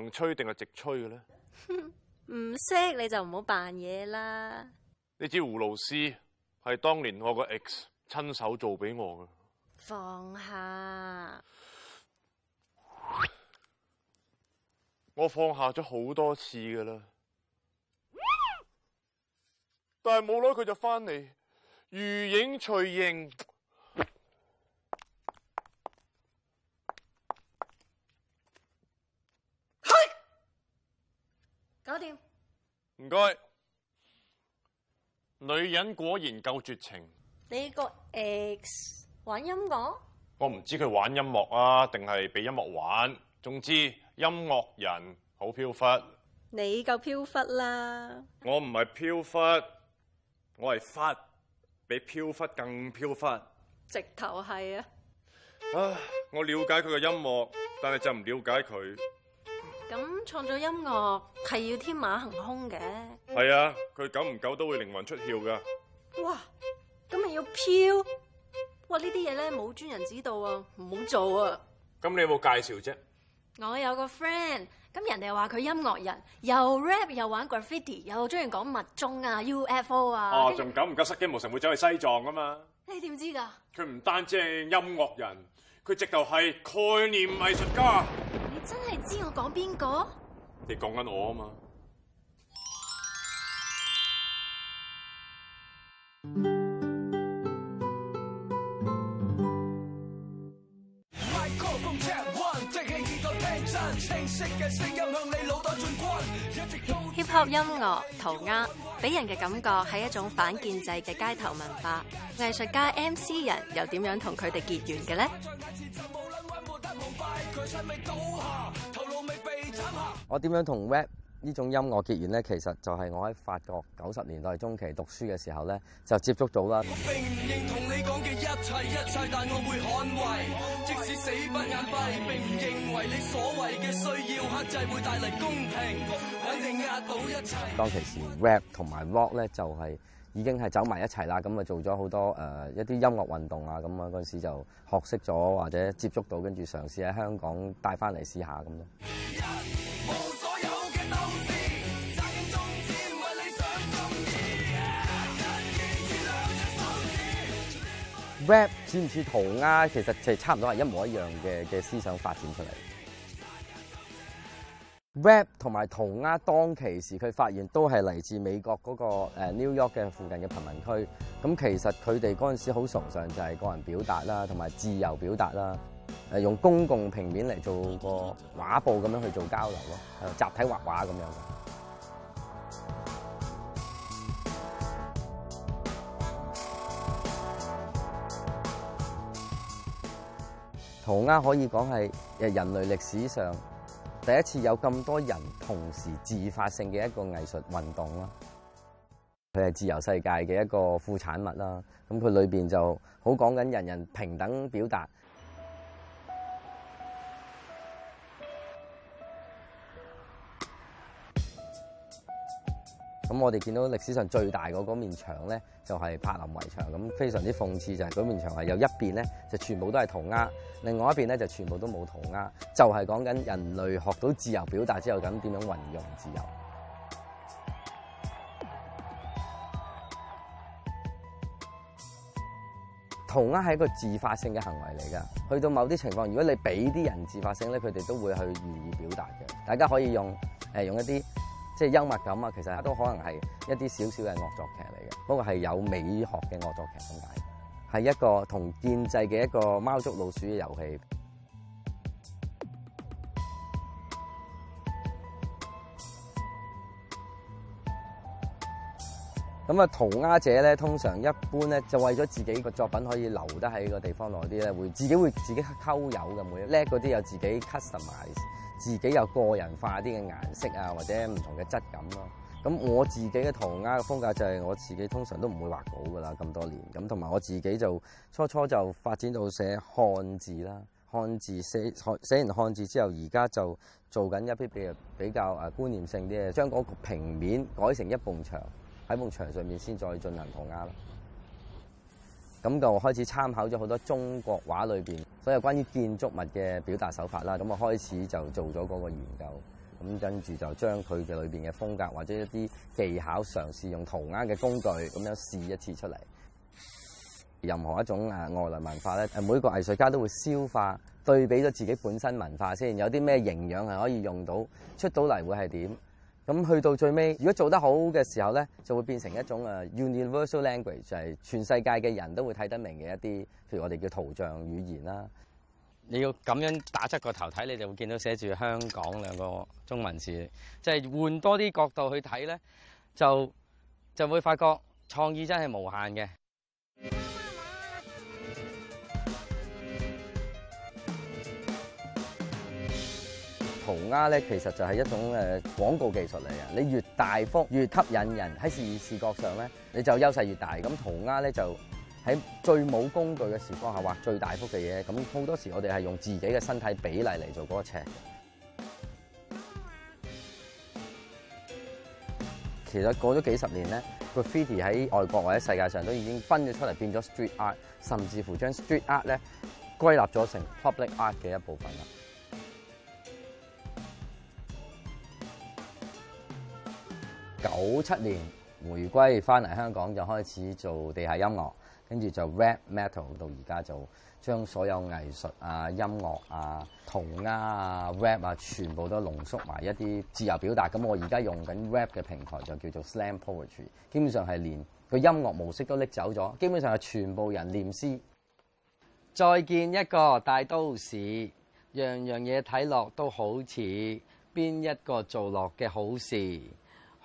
橫吹定係直吹嘅咧？唔識你就唔好扮嘢啦！呢支葫蘆絲係當年我個 x 親手做俾我嘅。放下，我放下咗好多次噶啦， 但係冇耐佢就翻嚟，如影隨形。唔該，女人果然夠絕情。你個 X 玩音樂？我唔知佢玩音樂啊，定係俾音樂玩？總之，音樂人好飄忽。你夠飄忽啦！我唔係飄忽，我係忽，比飄忽更飄忽。直頭係啊！啊，我了解佢嘅音樂，但係就唔了解佢。咁創作音樂係要天馬行空嘅，係啊，佢久唔久都會靈魂出竅噶。哇，咁咪要飄？哇，呢啲嘢咧冇專人指導啊，唔好做啊。咁你有冇介紹啫？我有個 friend，咁人哋話佢音樂人，又 rap 又玩 graffiti，又中意講密宗啊、UFO 啊。哦、啊，仲久唔久失驚無神，會走去西藏噶嘛？你點知噶？佢唔單止音樂人，佢直頭係概念藝術家。真係知我講邊個？你講緊我啊嘛！hip hop 音樂塗鴉，俾人嘅感覺係一種反建制嘅街頭文化。藝術家 M C 人又點樣同佢哋結緣嘅呢？我點樣同 rap 呢種音樂結緣咧？其實就係我喺法國九十年代中期讀書嘅時候咧，就接觸到啦。當其時 rap 同埋 rock 咧就係、是。已經係走埋一齊啦，咁啊做咗好多誒一啲音樂運動啊，咁啊嗰陣時就學識咗或者接觸到，跟住嘗試喺香港帶翻嚟試下咁樣。啊、rap 似唔似塗鴉？其實就係差唔多係一模一樣嘅嘅思想發展出嚟。rap 同埋塗鴉當其時，佢發現都係嚟自美國嗰個誒 New York 嘅附近嘅貧民區。咁其實佢哋嗰陣時好崇尚就係個人表達啦，同埋自由表達啦，誒用公共平面嚟做個畫布咁樣去做交流咯，集體畫畫咁樣嘅塗鴉可以講係誒人類歷史上。第一次有咁多人同時自發性嘅一個藝術運動啦，佢係自由世界嘅一個副產物啦。咁佢裏邊就好講緊人人平等表達。咁我哋見到歷史上最大嗰嗰面牆咧，就係柏林圍牆。咁非常之諷刺就係嗰面牆係有一邊咧就全部都係塗鴉，另外一邊咧就全部都冇塗鴉，就係講緊人類學到自由表達之後咁點樣運用自由。塗鴉係一個自發性嘅行為嚟㗎，去到某啲情況，如果你俾啲人自發性咧，佢哋都會去願意表達嘅。大家可以用誒用一啲。即係幽默感啊，其實都可能係一啲少少嘅惡作劇嚟嘅，不過係有美學嘅惡作劇咁解，係一個同建制嘅一個貓捉老鼠嘅遊戲。咁啊，塗鴉者咧，通常一般咧就為咗自己個作品可以留得喺個地方耐啲咧，會自己會自己溝友嘅，會叻嗰啲有自己 customise。自己有個人化啲嘅顏色啊，或者唔同嘅質感咯。咁我自己嘅塗鴉嘅風格就係我自己通常都唔會畫稿㗎喇，咁多年。咁同埋我自己就初初就發展到寫漢字啦，漢字寫寫完漢字之後，而家就做緊一啲比較比較啊觀念性啲嘅，將嗰個平面改成一埲牆，喺埲牆上面先再進行塗鴉啦。咁就開始參考咗好多中國畫裏邊所有關於建築物嘅表達手法啦。咁我開始就做咗嗰個研究，咁跟住就將佢嘅裏邊嘅風格或者一啲技巧，嘗試用塗鴉嘅工具咁樣試一次出嚟。任何一種誒外來文化咧，誒每個藝術家都會消化對比咗自己本身文化先，有啲咩營養係可以用到出到嚟會係點。咁去到最尾，如果做得好嘅時候咧，就會變成一種誒 universal language，就係全世界嘅人都會睇得明嘅一啲，譬如我哋叫圖像語言啦。你要咁樣打側個頭睇，你就會見到寫住香港兩個中文字，即係換多啲角度去睇咧，就就會發覺創意真係無限嘅。塗鴉咧，其實就係一種誒廣告技術嚟嘅。你越大幅越吸引人，喺視視覺上咧，你就優勢越大。咁塗鴉咧，就喺最冇工具嘅時光下畫最大幅嘅嘢。咁好多時候我哋係用自己嘅身體比例嚟做嗰個尺。其實過咗幾十年咧，graffiti 喺外國或者世界上都已經分咗出嚟，變咗 street art，甚至乎將 street art 咧歸納咗成 public art 嘅一部分啦。九七年回歸翻嚟香港就開始做地下音樂，跟住就 rap metal 到而家就將所有藝術啊、音樂啊、塗鴉啊、rap 啊，全部都濃縮埋一啲自由表達。咁我而家用緊 rap 嘅平台就叫做 slam poetry，基本上係連個音樂模式都拎走咗，基本上係全部人念詩。再見一個大都市，樣樣嘢睇落都好似邊一個做落嘅好事。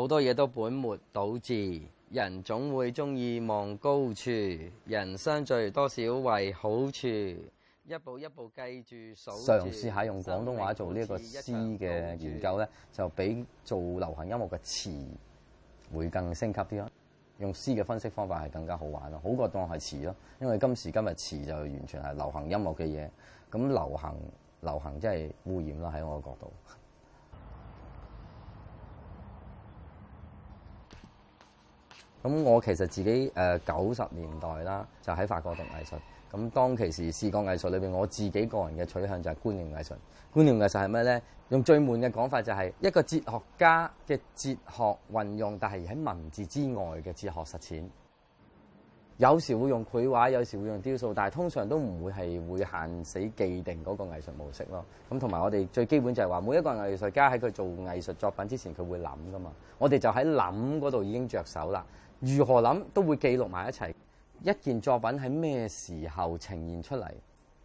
好多嘢都本末倒置，人總會中意望高處，人生最多少為好處，一步一步計住數，嘗試下用廣東話做呢一個詩嘅研究咧，就比做流行音樂嘅詞會更升級啲咯。用詩嘅分析方法係更加好玩咯，好過當係詞咯。因為今時今日詞就完全係流行音樂嘅嘢，咁流行流行即係污染啦，喺我嘅角度。咁我其實自己誒九十年代啦，就喺法國讀藝術。咁當其時視覺藝術裏邊，我自己個人嘅取向就係觀念藝術。觀念藝術係咩咧？用最悶嘅講法就係一個哲學家嘅哲學運用，但係喺文字之外嘅哲學實踐。有時會用繪畫，有時會用雕塑，但係通常都唔會係會限死既定嗰個藝術模式咯。咁同埋我哋最基本就係話，每一個藝術家喺佢做藝術作品之前，佢會諗㗎嘛。我哋就喺諗嗰度已經着手啦。如何諗都會記錄埋一齊。一件作品喺咩時候呈現出嚟，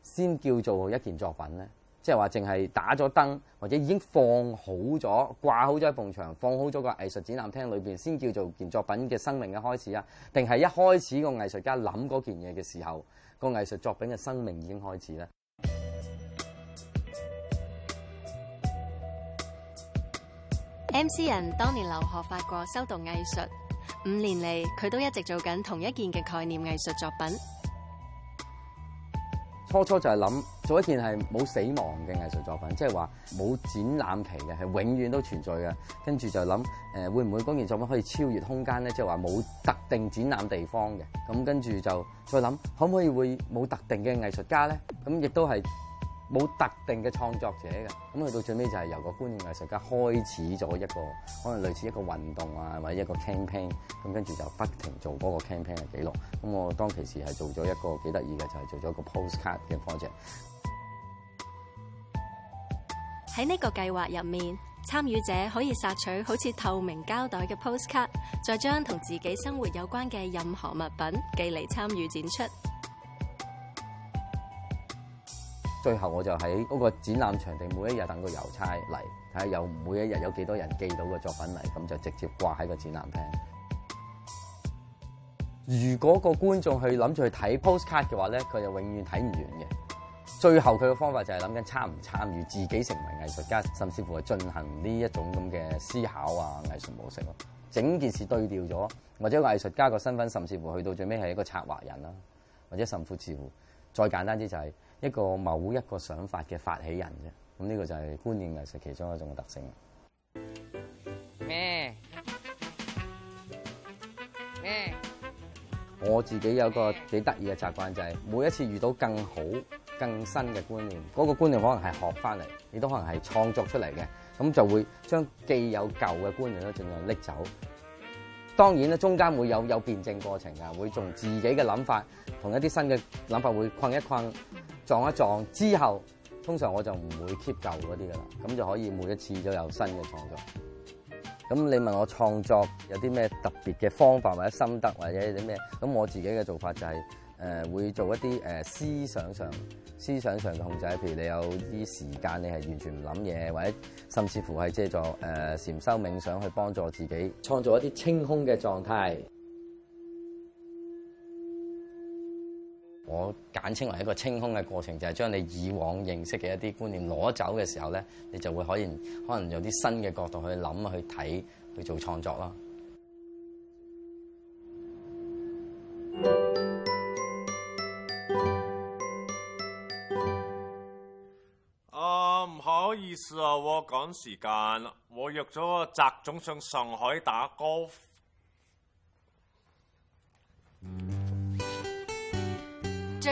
先叫做一件作品呢？即係話，淨係打咗燈，或者已經放好咗、掛好咗一埲牆、放好咗個藝術展覽廳裏邊，先叫做件作品嘅生命嘅開始啊？定係一開始個藝術家諗嗰件嘢嘅時候，個藝術作品嘅生命已經開始呢？MC 仁當年留學法國，修讀藝術。五年嚟，佢都一直做緊同一件嘅概念藝術作品。初初就係諗做一件係冇死亡嘅藝術作品，即係話冇展覽期嘅，係永遠都存在嘅。跟住就諗誒，會唔會嗰件作品可以超越空間咧？即係話冇特定展覽地方嘅。咁跟住就再諗，可唔可以會冇特定嘅藝術家咧？咁亦都係。冇特定嘅創作者嘅，咁佢到最尾就係由個觀念藝術家開始咗一個，可能類似一個運動啊，或者一個 campaign，咁跟住就不停做嗰個 campaign 嘅記錄。咁我當其時係做咗一個幾得意嘅，就係做咗一個 postcard 嘅 project。喺呢個計劃入面，參與者可以索取好似透明膠袋嘅 postcard，再將同自己生活有關嘅任何物品寄嚟參與展出。最後我就喺嗰個展覽場地，每一日等個郵差嚟睇下有，每一日有幾多人寄到嘅作品嚟，咁就直接掛喺個展覽廳。如果個觀眾去諗住去睇 postcard 嘅話咧，佢就永遠睇唔完嘅。最後佢嘅方法就係諗緊參唔參與，自己成為藝術家，甚至乎係進行呢一種咁嘅思考啊藝術模式咯。整件事對調咗，或者藝術家個身份，甚至乎去到最尾係一個策劃人啦，或者甚至乎自乎。再簡單啲就係、是。一個某一個想法嘅發起人啫，咁呢個就係觀念藝術其中一種嘅特性。咩？咩？我自己有個幾得意嘅習慣就係，每一次遇到更好、更新嘅觀念，嗰個觀念可能係學翻嚟，亦都可能係創作出嚟嘅，咁就會將既有舊嘅觀念咧盡量拎走。當然咧，中間會有有辯證過程噶，會用自己嘅諗法同一啲新嘅諗法會困一困。撞一撞之後，通常我就唔會 keep 舊嗰啲噶啦，咁就可以每一次都有新嘅創作。咁你問我創作有啲咩特別嘅方法或者心得或者有啲咩？咁我自己嘅做法就係、呃、會做一啲、呃、思想上思想上嘅控制，譬如你有啲時間你係完全唔諗嘢，或者甚至乎係借助誒禪修冥想去幫助自己創造一啲清空嘅狀態。我簡稱為一個清空嘅過程，就係、是、將你以往認識嘅一啲觀念攞走嘅時候咧，你就會可以可能有啲新嘅角度去諗、去睇、去做創作啦。啊，唔好意思啊，我趕時間，我約咗翟總上上海打高。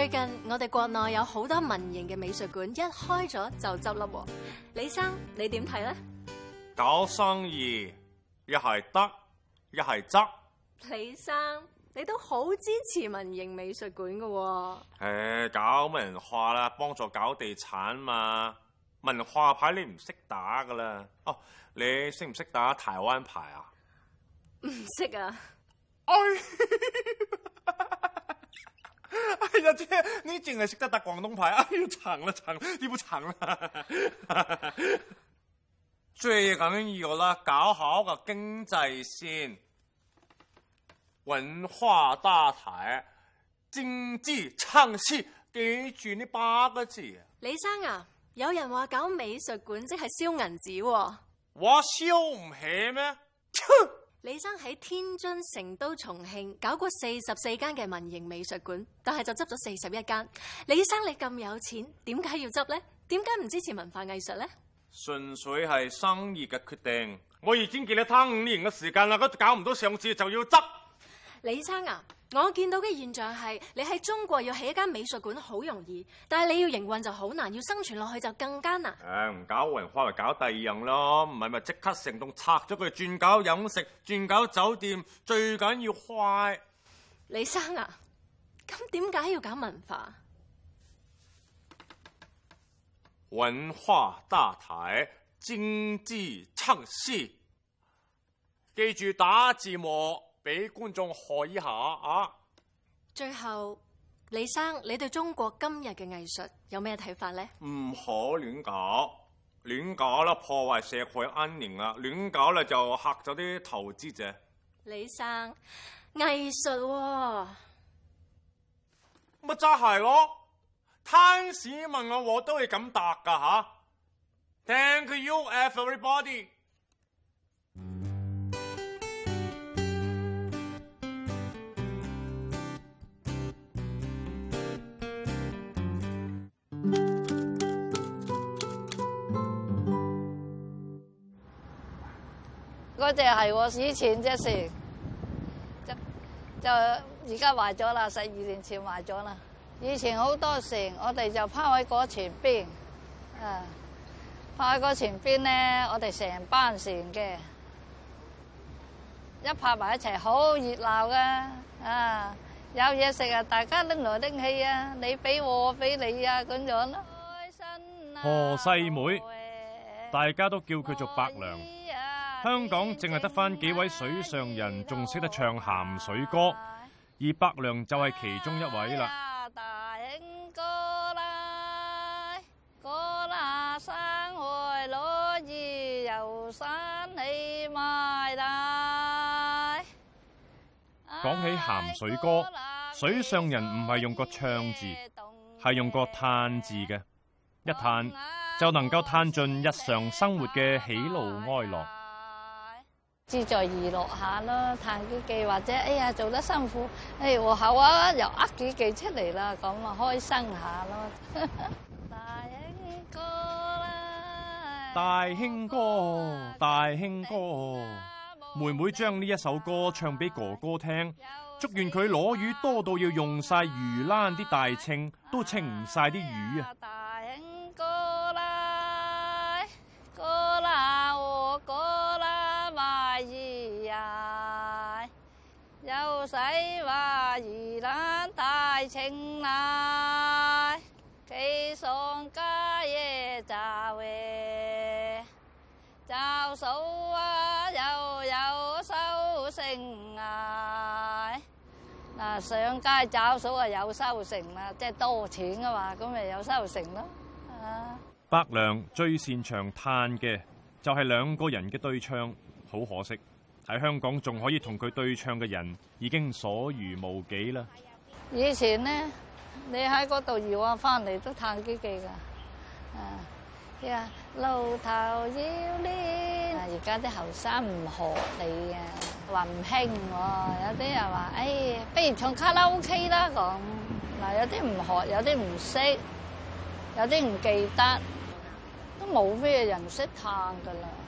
最近我哋國內有好多民營嘅美術館一開咗就執笠，李生，你點睇咧？搞生意一係得一係執，執李生你都好支持民營美術館噶。誒、欸，搞文化啦，幫助搞地產嘛，文化牌你唔識打噶啦。哦、啊，你識唔識打台灣牌啊？唔識啊。哎。 哎呀姐，你淨係識得打廣東牌，哎呀慘啦慘，你唔慘啦。慘 最緊要啦，搞好個經濟先，文化大台，經濟唱戲，記住呢八個字啊。李生啊，有人話搞美術館即係燒銀紙，我燒唔起咩？李生喺天津、成都、重慶搞過四十四間嘅民營美術館，但係就執咗四十一間。李生你咁有錢，點解要執呢？點解唔支持文化藝術呢？純粹係生意嘅決定。我已經見你貪五年嘅時間啦，搞唔到上次就要執。李生啊！我見到嘅現象係，你喺中國要起一間美術館好容易，但係你要營運就好難，要生存落去就更加難。誒、哎，唔搞文化咪搞第二樣咯，唔係咪即刻成棟拆咗佢，轉搞飲食，轉搞酒店，最緊要快。李生啊，咁點解要搞文化？文化大台，經濟撐市，記住打字幕。俾觀眾學一下啊！最後李生，你對中國今日嘅藝術有咩睇法咧？唔好亂搞，亂搞啦破壞社會安寧啦，亂搞啦就嚇咗啲投資者。李生，藝術乜真係咯？攤市民問，我都係咁答噶吓。Thank you everybody。就係我以前隻船，就就而家壞咗啦，十二年前壞咗啦。以前好多船，我哋就拋喺個前邊，啊，拋喺個前邊咧，我哋成班船嘅，一拍埋一齊好熱鬧噶，啊，有嘢食啊，大家拎來拎去啊，你俾我，我俾你啊，咁樣咯。開心啊，何世妹，大家都叫佢做伯娘。香港淨係得翻幾位水上人仲識得唱鹹水歌，而伯娘就係其中一位啦。講起鹹水歌，水上人唔係用個唱字，係用個嘆字嘅，一嘆就能夠嘆盡日常生活嘅喜怒哀樂。自在娛樂下咯，彈幾句或者，哎呀做得辛苦，哎和口啊又呃幾句出嚟啦，咁啊開心下咯。 大興哥啦！大興哥，大興哥，妹妹將呢一首歌唱俾哥哥聽，祝願佢攞魚多到要用晒魚欄啲大秤，都稱唔晒啲魚啊！找數啊，又有收成啊！嗱，上街找數啊，有收成啊，即係多錢啊嘛，咁咪有收成咯。啊，伯娘最擅長嘆嘅就係兩個人嘅對唱，好可惜喺香港仲可以同佢對唱嘅人已經所餘無幾啦。以前呢，你喺嗰度搖啊，翻嚟都嘆幾句噶，啊，呀、yeah.。露頭要練，而家啲後生唔學你啊，話唔興喎，有啲又話，哎，不如唱卡拉 OK 啦咁，嗱，有啲唔學，有啲唔識，有啲唔記得，都冇咩人識彈㗎喇。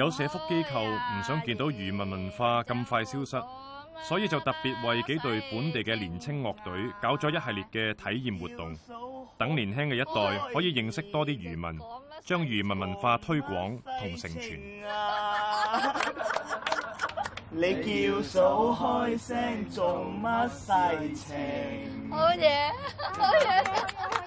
有社福機構唔想見到漁民文化咁快消失，所以就特別為幾隊本地嘅年青樂隊搞咗一系列嘅體驗活動，等年輕嘅一代可以認識多啲漁民，將漁民文，文化推廣同承傳。你叫數開聲做乜事情？好嘢！好嘢！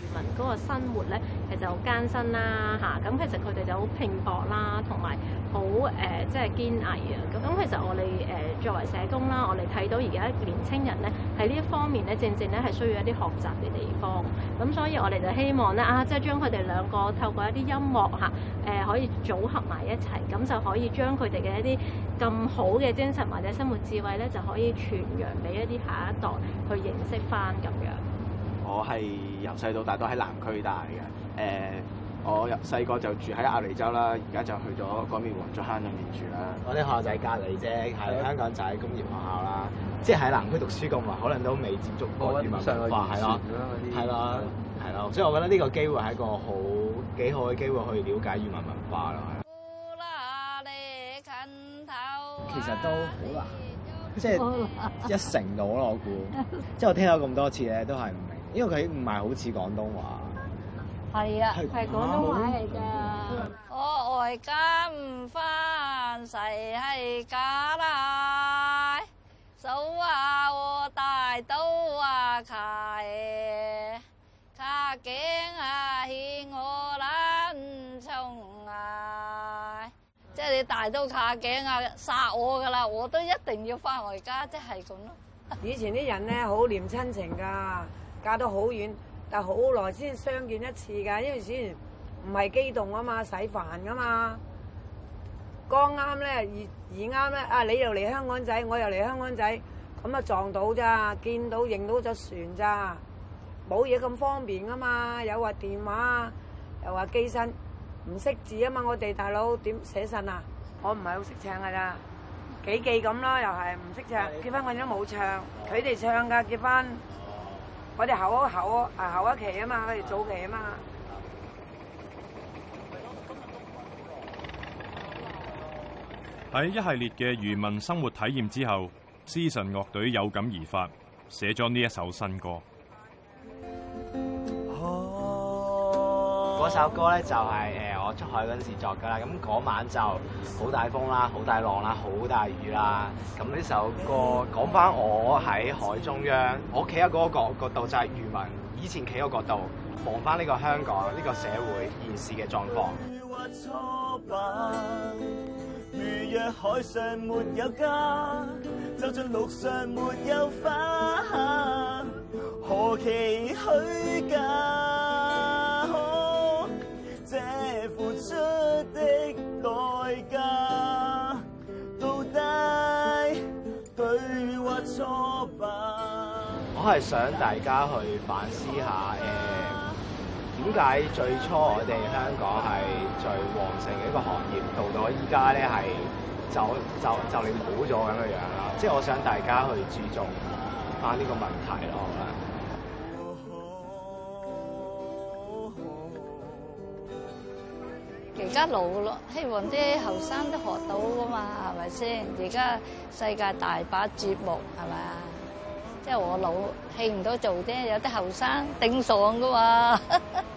移民嗰個生活咧，其實好艱辛啦嚇，咁其實佢哋就好拼搏啦，同埋好誒即係堅毅啊！咁咁其實我哋誒作為社工啦，我哋睇到而家年青人咧喺呢一方面咧，正正咧係需要一啲學習嘅地方。咁所以我哋就希望咧啊，即係將佢哋兩個透過一啲音樂嚇誒，可以組合埋一齊，咁就可以將佢哋嘅一啲咁好嘅精神或者生活智慧咧，就可以傳揚俾一啲下一代去認識翻咁樣。我係由細到大都喺南區大嘅。誒、呃，我由細個就住喺鴨脷洲啦，而家就去咗嗰邊黃竹坑入面住啦。我啲學校就喺隔離啫，係的香港就仔工業學校啦。嗯、即係喺南區讀書咁話，可能都未接觸過粵文文化係咯，係咯、哦，係咯啦些。所以，我覺得呢個機會係一個很好幾好嘅機會去了解粵文文化啦，你近咯。其實都好難，啊、即係一成佬咯，我估。 即係我聽到咁多次咧，都係唔明白。因為佢唔係好似廣東話，係啊的，係廣東話嚟㗎。 我外家唔返，死係家內，數下我大刀啊！卡、啊，卡頸啊！欠我啦。唔從啊，即係 你大刀卡頸啊，殺我㗎啦！我都一定要返外家，即係咁咯。 以前啲人咧好念親情㗎。嫁到好遠，但好耐先相見一次噶，因為船唔係機動啊嘛，使煩噶嘛。剛啱咧，而而啱咧，啊你又嚟香港仔，我又嚟香港仔，咁啊撞到咋，見到認到隻船咋，冇嘢咁方便噶嘛，又話電話，又話寄信，唔識字啊嘛，我哋大佬點寫信啊？我唔係好識唱噶咋，幾記咁啦，又係唔識唱，唱。結婚我哋都冇唱，佢哋唱噶結婚。我哋後一後啊，後一,一期啊嘛，我哋早期啊嘛。喺一系列嘅漁民生活體驗之後，斯神樂隊有感而發，寫咗呢一首新歌。嗰首歌咧就係誒。出海嗰陣時作㗎啦，咁嗰晚就好大風啦，好大浪啦，好大雨啦。咁呢首歌講翻我喺海中央，我企喺嗰個角角度，就係漁民以前企個角度望翻呢個香港呢個社會現時嘅狀況。如若海上沒有家，就算路上沒有花，何其虛假。我係想大家去反思下，誒點解最初我哋香港係最旺盛嘅一個行業，到咗依家咧係就就就你冇咗咁嘅樣啦。即係、就是、我想大家去注重翻呢個問題咯。而家老咯，希望啲後生都學到噶嘛，係咪先？而家世界大把節目，係咪啊？即係我老氣唔到做啫，有啲後生頂爽噶嘛。